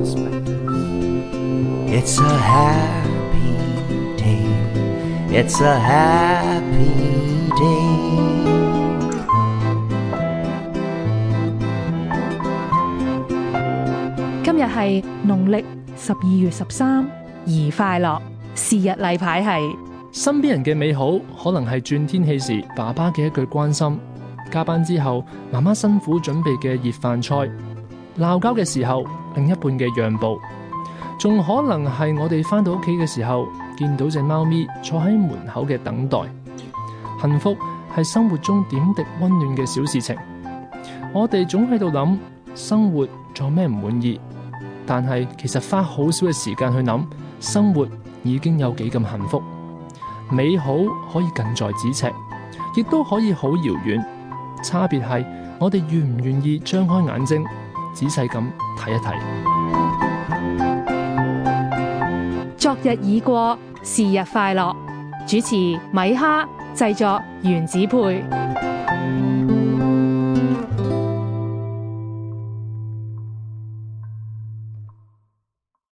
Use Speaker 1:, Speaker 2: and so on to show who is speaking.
Speaker 1: 今日係農
Speaker 2: 曆十二月十三，宜快樂。是日例牌係
Speaker 3: 身邊人嘅美好，可能係轉天氣時爸爸嘅一句關心，加班之後媽媽辛苦準備嘅熱飯菜。鬧交嘅時候，另一半嘅讓步，仲可能係我哋返到屋企嘅時候，見到隻貓咪坐喺門口嘅等待。幸福係生活中點滴溫暖嘅小事情。我哋總喺度諗，生活仲有咩唔滿意，但係其實花好少嘅時間去諗，生活已經有幾咁幸福。美好可以近在咫尺，亦都可以好遙遠。差別係我哋願唔願意張開眼睛。仔細咁睇一睇。
Speaker 1: 昨日已過，是日快樂。主持米哈，製作原子配。